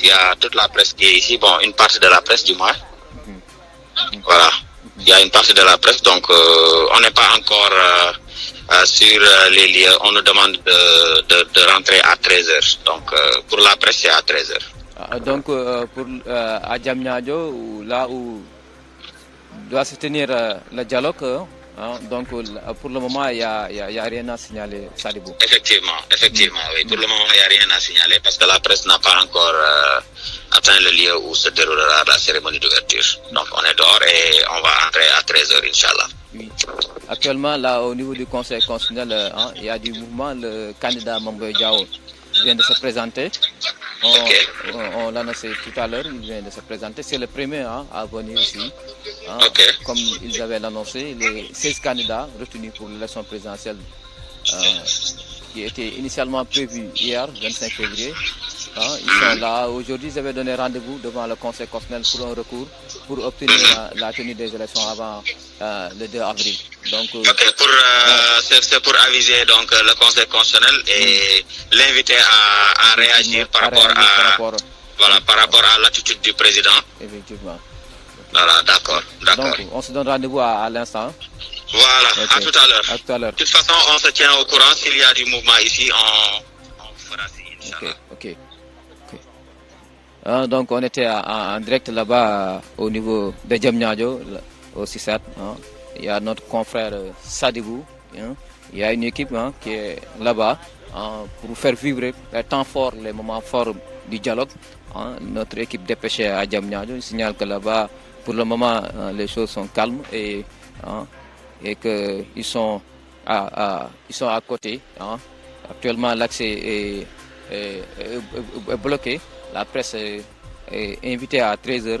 il y a toute la presse qui est ici, bon, une partie de la presse du moins. Mhm. Voilà, il y a une partie de la presse, donc euh, on n'est pas encore euh, euh, sur les lieux. On nous demande de, rentrer à 13h. Donc pour la presse, c'est à 13h. Ah, donc pour à là où doit se tenir le dialogue, hein? Hein, donc euh, pour le moment, il n'y a, rien à signaler, Effectivement, effectivement, oui. Pour le moment, il n'y a rien à signaler parce que la presse n'a pas encore euh, atteint le lieu où se déroulera la cérémonie d'ouverture. Donc on est dehors et on va entrer à 13h, Inch'Allah. Actuellement, là, au niveau du Conseil constitutionnel, euh, hein, il y a du mouvement, le candidat Mamboy Diao vient de se présenter. On, l'a annoncé tout à l'heure, il vient de se présenter. C'est le premier hein, à venir ici. Hein. Comme ils avaient annoncé, les 16 candidats retenus pour l'élection présidentielle euh, qui était initialement prévue hier, 25 février, hein. ils sont mhm. là. Aujourd'hui, ils avaient donné rendez-vous devant le Conseil constitutionnel pour un recours pour obtenir mhm. la tenue des élections avant euh, le 2 avril. Euh, ok, pour, euh, c'est pour aviser donc, le Conseil constitutionnel et hmm. l'inviter à, à, réagir, par, rapport à, par rapport à l'attitude du président. Effectivement. Voilà, d'accord, Donc, on se donne rendez-vous à, l'instant. Hein. Voilà, à tout à l'heure. De toute façon, on se tient au courant. S'il y a du mouvement ici, on, fera ça, Ok, ok. Hein, donc, on était en, direct là-bas au niveau de Djamnyadjo. Hein. Il y a notre confrère euh, Sadibou. Hein. Il y a une équipe hein, qui est là-bas pour faire vivre les temps forts, les moments forts du dialogue. Notre équipe dépêchée à Djamnyadjo signale que là-bas, pour le moment, les choses sont calmes et, et qu'ils sont à, ils sont à côté. Actuellement, l'accès est bloqué. La presse est, invitée à 13h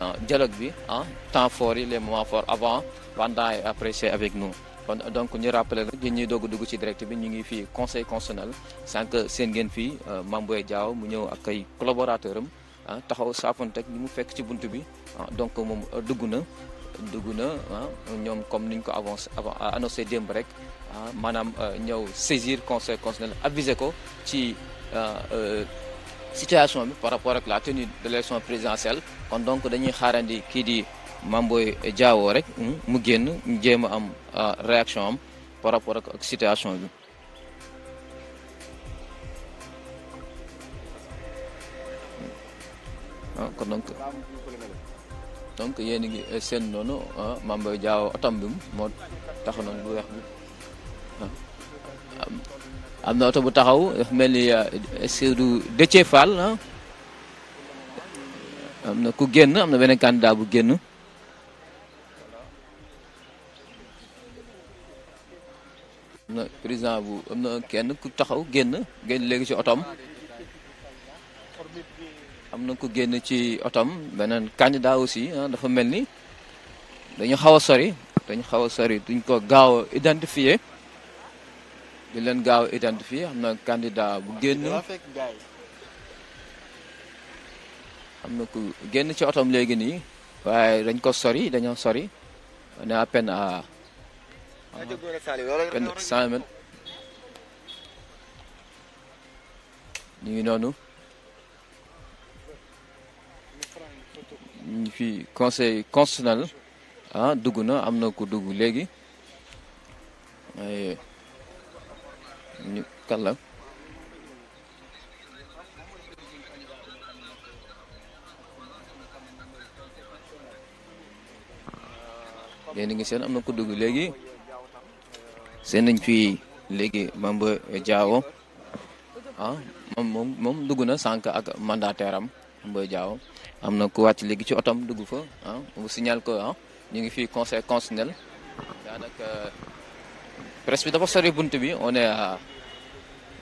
Euh, dialogue bi hein, temps fort les moments forts avant pendant et après avec nous donc nous rappelons rek nous dogu conseil constitutionnel sans seen nous euh, Nous mu ñëw ak ay collaborateur am hein, taxaw hein, donc euh, nous comme saisir situation par rapport à la tenue de l'élection présidentielle kon donc dañuy xaarandi kii di Mamboy rek hmm, mu génn ñu jéem a am euh, réaction am rapport ak situation bi. Ah, kon donc donc yéen a ngi seen noonu ah, Mamboy Diao otam bi moo tax noonu bu weex bi ah, am na oto bu taxaw mel ni euh, Seydou Déthié Fall am na ku génn am na beneen candidat bu génn. am président bu am na kenn ku taxaw génn génn léegi ci otom am na ku génn ci otom beneen candidat aussi ah, dafa mel ni dañu xaw a sori dañu xaw a sori duñ ko gaaw a identifier di leen gaaw identifier am na candidat bu génn. am na ku génn ci otoom léegi nii waaye dañ ko sori dañoo sori on est à peine ah, à peine ngi noonu ñu fi conseil constitutionnel ah, dugg na am na ku dugg léegi ay ñu kan léegi ngi seen am na ku dugg léegi seen nañ fi léegi Mamba Diawo ah moom moom dugg na sànq ak mandataire am Mamba Diawo am na ku wàcc léegi ci otom dugg fa ah mu signal ko ah ñu ngi fii conseil constitutionnel daanaka presse bi dafa sori bunt bi on est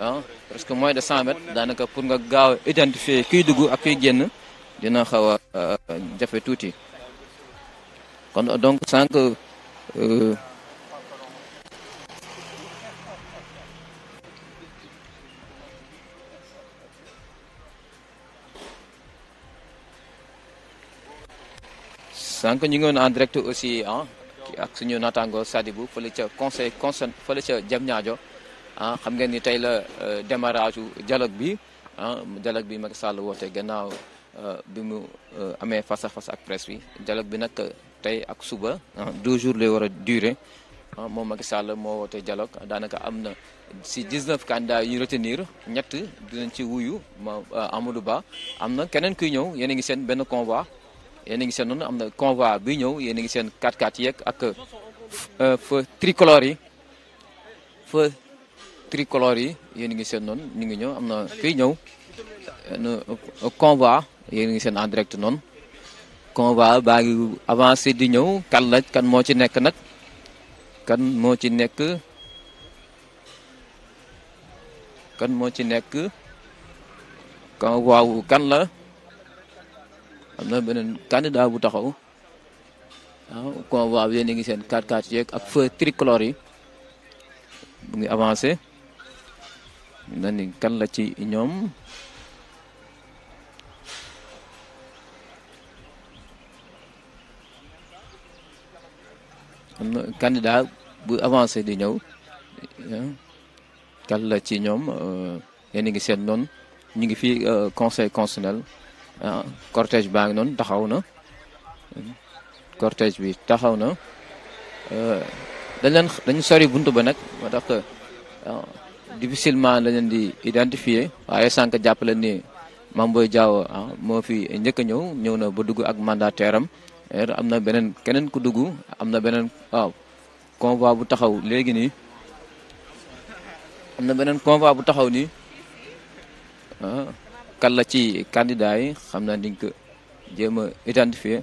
ah presque moins de cent mètres daanaka pour nga gaaw identifier kiy dugg ak kiy génn dina xaw eh, a jafe tuuti. kon donc sànq euh, sànq ñu ngi woon en direct aussi ah ak suñu naataango Sadibou fële ca conseil conseil fële ca Diamniadio ah xam ngeen ni tey la euh, démarrage dialogue bi ah bi Macky Sall woote gannaaw euh, bi mu amee face à face ak presse bi dialogue bi nag Tay ak suba ah, deux jours lay war a durer ah, moom Macky Sall moo woote dialogue daanaka am na si 19 candidats yu ñu retenir ñett dinañ ci wuyu ma ah, Amadou Ba am na keneen kuy ñëw yéen a ngi seen benn convoi yéen a ngi seen noonu am na convoi bi ñëw yéen a ngi seen 4 4 yeeg ak euh, feu tricolore yi feu tricolore yi yéen ngi seen noonu ñu ngi ñëw am kuy ñëw euh, convoi yéen ngi seen en direct noonu kon waa baa ngi avancé di ñëw kan la kan moo ci nekk nag kan mo ci nekk kan moo ci nekk kan waaw kan la am na beneen candidat bu taxaw waaw convoi bi yéen a ngi seen 4x4 yeeg ak feu tricolore yi mu ngi avancé na ni kan la ci ñoom am candidat bu avancé di ñëw kal la ci ñoom euh, yéen a ngi seet noonu ñu ngi fii euh, conseil constitutionnel cortége baa ngi noonu taxaw na cortége bi taxaw na euh, dañ leen dañ sori bunt ba nag moo tax difficilement la leen di identifier waaye sànq jàppale ni Mame Boye Diao moo fi njëkk ñëw ñëw na ba dugg ak mandataire am Er, am na beneen keneen ku dugg am na beneen waaw convoi bu taxaw léegi nii am na beneen convoi bu taxaw nii ah, kan la ci candidat yi xam na diñ ko jéem a identifier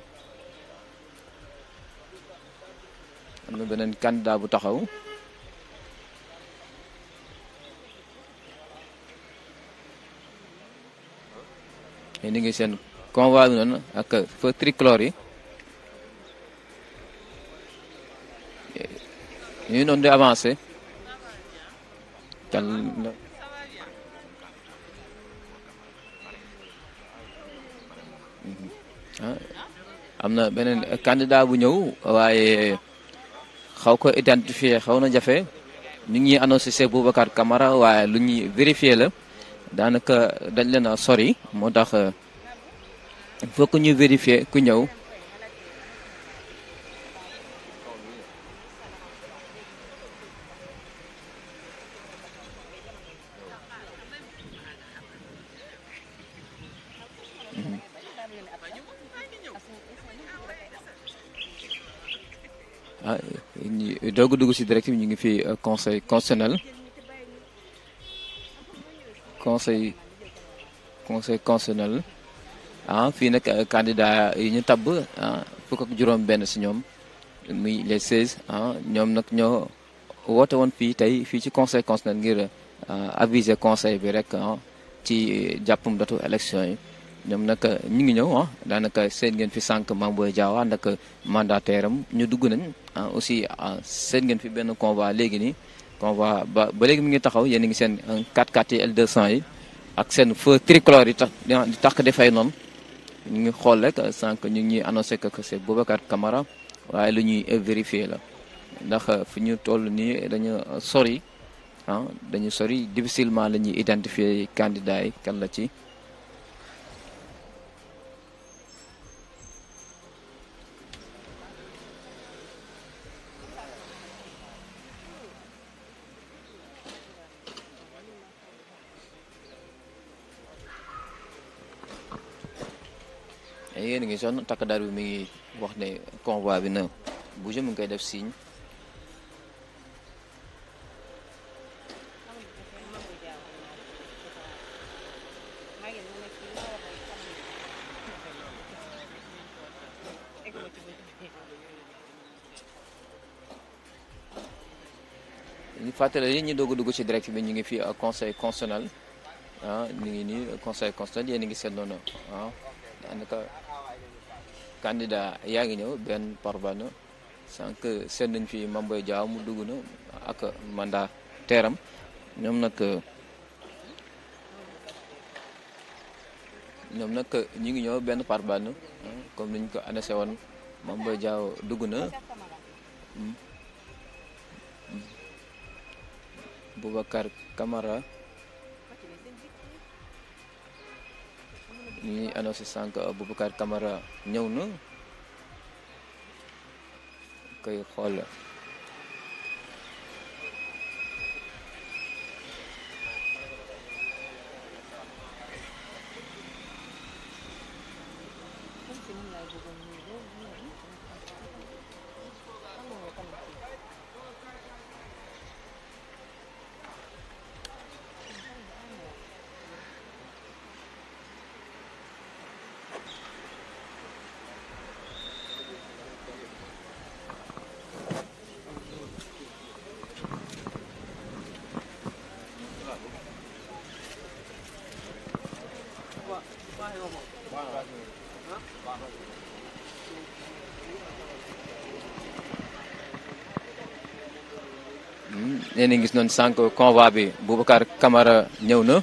am na beneen candidat bu taxaw ni ngi seen convoi bi noonu ak feu tricolore yi ñu ngi doon di avancer cal am na beneen candidat bu ñëw waaye xaw ko identifier xaw na jafe ñu ngi annoncé Cheikh Boubacar Camara waaye lu ñuy vérifier la daanaka dañ leen a sori moo tax euh, il faut que ñu vérifier ku ñëw a ci euh, conseil constitutionnel conseil conseil constitutionnel ah, euh, candidat ñu ah, ak si les seize ah conseil constitutionnel ngir euh, conseil ah, ñoom nag euh, ñu ngi ñëw ah daanaka seen ngeen fi sànq Mame Boye Diao ànd ah, euh, am ñu dugg nañ ah, aussi ah, seen ngeen fi benn convoi léegi nii convoi ba ba léegi mu ngi taxaw yéen a ngi seen 4x4 euh, yi L200 yi ak seen feu tricolore yi tax di tax defay noon ñu ngi xool rek sànq ñu ngi ñuy annoncé que c'est Boubacar kamara waaye lu ñuy vérifier la ndax fu ñu toll nii dañu sori ah dañu sori difficilement la ñuy identifier candidat yi kan la ci. mi ngi takk dar mi ngi wax ne convoi bi na bouger mu ngi koy def signe ñu fàttale yi ñu doog dugg ci direct bi ñu ngi fii conseil constitutionnel ah ñu ngi nii conseil constitutionnel yéen ngi seet noonu ah candidat yaa ngi ñëw benn par benn sànq seet nañ fi Mamboy jaaw mu dugg na ak mandat teeram ñoom nag ñoom nag ñu ngi ñëw benn par benn niñ ko annoncé woon Mamboy Diaw dugg na hmm. Hmm. Boubacar Camara Ini adalah sànq Boubacar kamera ñëw na koy Thank you. yéen hmm. a gis noonu sànq convoi bi Boubacar Camara ñëw na.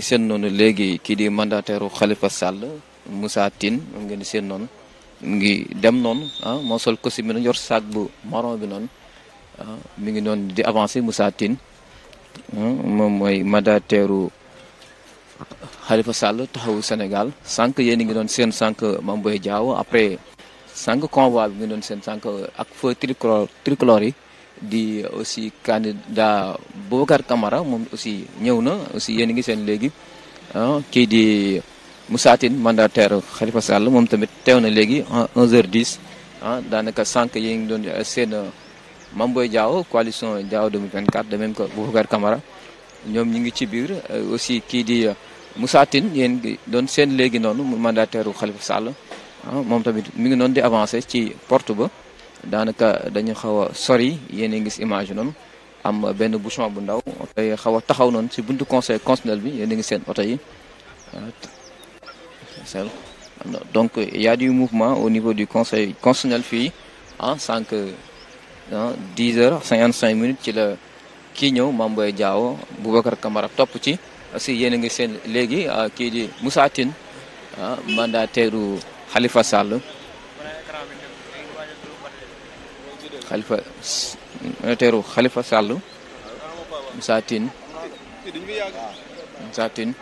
ngi seen noonu léegi kii di mandateeru xalifa Sall Moussa Tine moom ngeen di seen noonu mu ngi dem noonu ah moo sol costume bi noonu yor sac bu marron bi noonu ah mi ngi noonu di avancé Moussa Tine ah, moom mooy mandataire xalifa Sall taxawu Sénégal sànq yéen a ngi doon seen sànq Mame jaaw Diao après sànq convoi bi ngi doon seen sànq ak feu tricolore di aussi candidat Boubacar kamara moom aussi ñëw na aussi yéen a ngi seen léegi ah, kii di Moussa Tine mandataire Khalifa Sall moom tamit teew na léegi en 11 h ah daanaka sànq yi ngi doon seen Mame Boye Diao coalition Diao 2024 de même que Boubacar Camara ñoom ñi ngi ci biir aussi kii di Moussa yéen doon seen léegi noonu mandataire Khalifa Sall ah, moom tamit mi ngi noonu di avancé ci porte ba. daanaka dañu xaw a sori yéen ngi gis image noonu am benn bouchon bu ndaw oto yi xaw a taxaw noonu si buntu conseil constitutionnel bi yéen ngi seen oto yi donc y a du mouvement au niveau du conseil constitutionnel fii ah sànq ah 10 heures 55 minutes ci la kii ñëw Mame Boye Diao Boubacar Camara topp ci aussi yéen ngi seen léegi ah, kii di Moussa tin ah mandataire Khalifa Sall. xalifa notaire xalifa Sall Moussa Tine Moussa Tine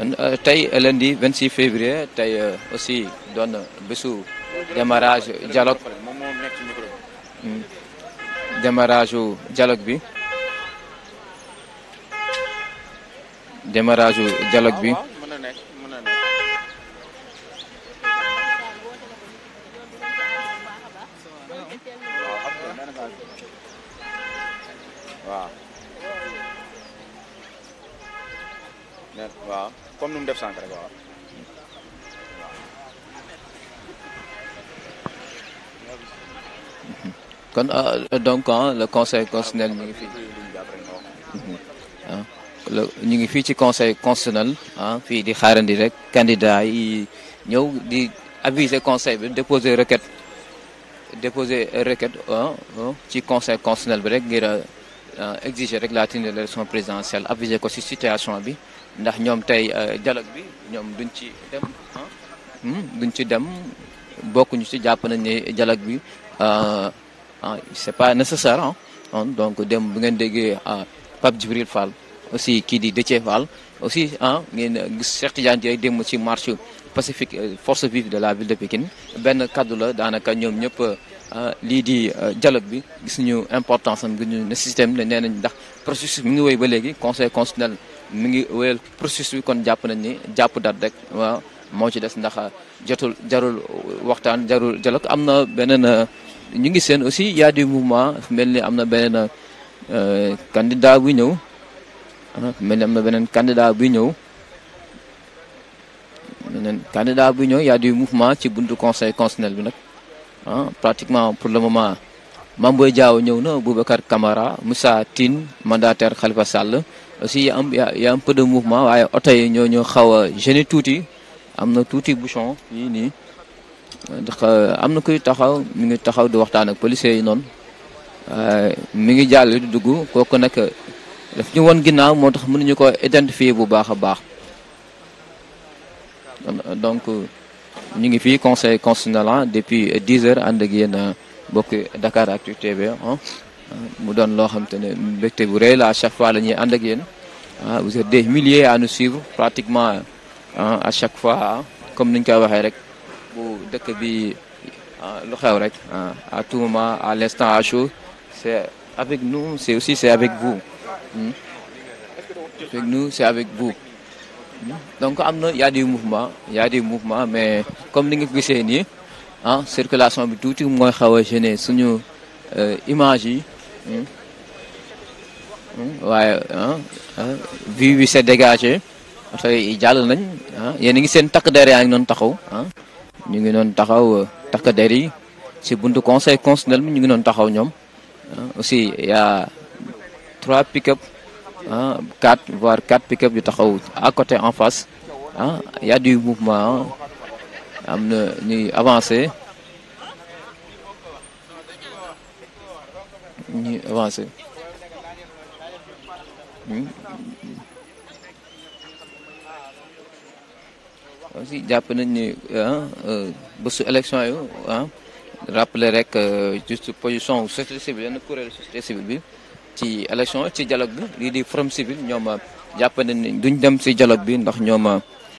euh, tey euh, lundi 26 février tey euh, aussi doon bésu démarrage dialogue hmm. démarrage u dialogue bi démarrage u bi kon ah, donc ah, le conseil constitutionnel ah, ñu ngi fii ci conseil constitutionnel ah fii di xaarandi rek candidat yi ñëw di aviser conseil bi déposer requête déposer requête ci conseil constitutionnel bi rek ngir exiger rek la tenue de l'élection présidentielle aviser ko ci situation bi ndax ñom tay euh, dialogue bi ñom duñ ci dem hmm, duñ ci dem ñu ci japp nañ ni dialogue bi Ah, c'est pas nécessaire hein? Ah, donc dem bu ngeen déggee ah, Pape Djibril Fall aussi kii di Déthié Fall aussi ah ngeen gis Cheikh Tidiane marche pacifique euh, force vive de la ville de Pékin benn kaddu la daanaka ñoom ñëpp lii di euh, dialogue bi gis ñu importance am gis ñu nécessité am ne nee nañ ndax processus mi ngi wéy ba conseil constitutionnel mi ngi wéyal processus bi kon jàpp nañ ni jàpp moo ci des ndax jotul jarul waxtaan jarul dialogue am na beneen euh, ñu ngi seen aussi y a euh, mel ni am na beneen candidat bu ñëw mel ni am na beneen candidat bu ñëw beneen candidat bu ñëw y a des ci buntu conseil constitutionnel bi nag ah pratiquement pour le moment Mame Boye Diao ñëw na Boubacar Camara Moussa Tine mandataire Khalifa Sall aussi y a un mouvement waaye oto ñoo ñoo xaw a gêné tuuti. avons touti bouchon Nous ni ndax eh, taxaw mi ngi taxaw di waxtaan ak police yi eh, mi ngi di dugg nak eh, daf ñu won motax mënu ñu ko identifier bu baaxa baax donc ñi ngi fi conseil constitutionnel hein, depuis 10 heures ak bokk Dakar Actu TV hein. mu doon loo xam te ne bu à chaque fois la ñuy ànd ak yéen ah, vous êtes des milliers à nous suivre pratiquement Hein, à chaque fois comme nous ñu dit, rek bu hein, hein, à tout moment à l'instant à chaud c'est avec nous c'est aussi c'est avec vous hmm. avec nous c'est avec vous hmm. donc il y a des mouvements y a des mouvements mais comme ni nga dit, la circulation bi tuuti mooy xaw a gêner suñu euh, image yi hmm. waaye vue bi c'est dégagé tey jàll nañ ya yéen a ngi seen takk der yaa ngi non taxaw ah ñu ngi noonu taxaw euh, takk yi si buntu conseil constitutionnel mi ñu ngi noonu taxaw ñoom aussi ya trois pick-up ah quatre voire quatre pick-up yu taxaw à côté en face ah y a du mouvement am na avancer ñuy avancer hmm? aussi jàpp nañ ni ah, euh, bésu élection yu ah rappeler rek euh, juste position société civile yenn kuréelu société civile bi ci élection ci dialogue bi lii di forum civil ñooma jàpp nañ ni duñ dem si dialogue bi ndax ñoom.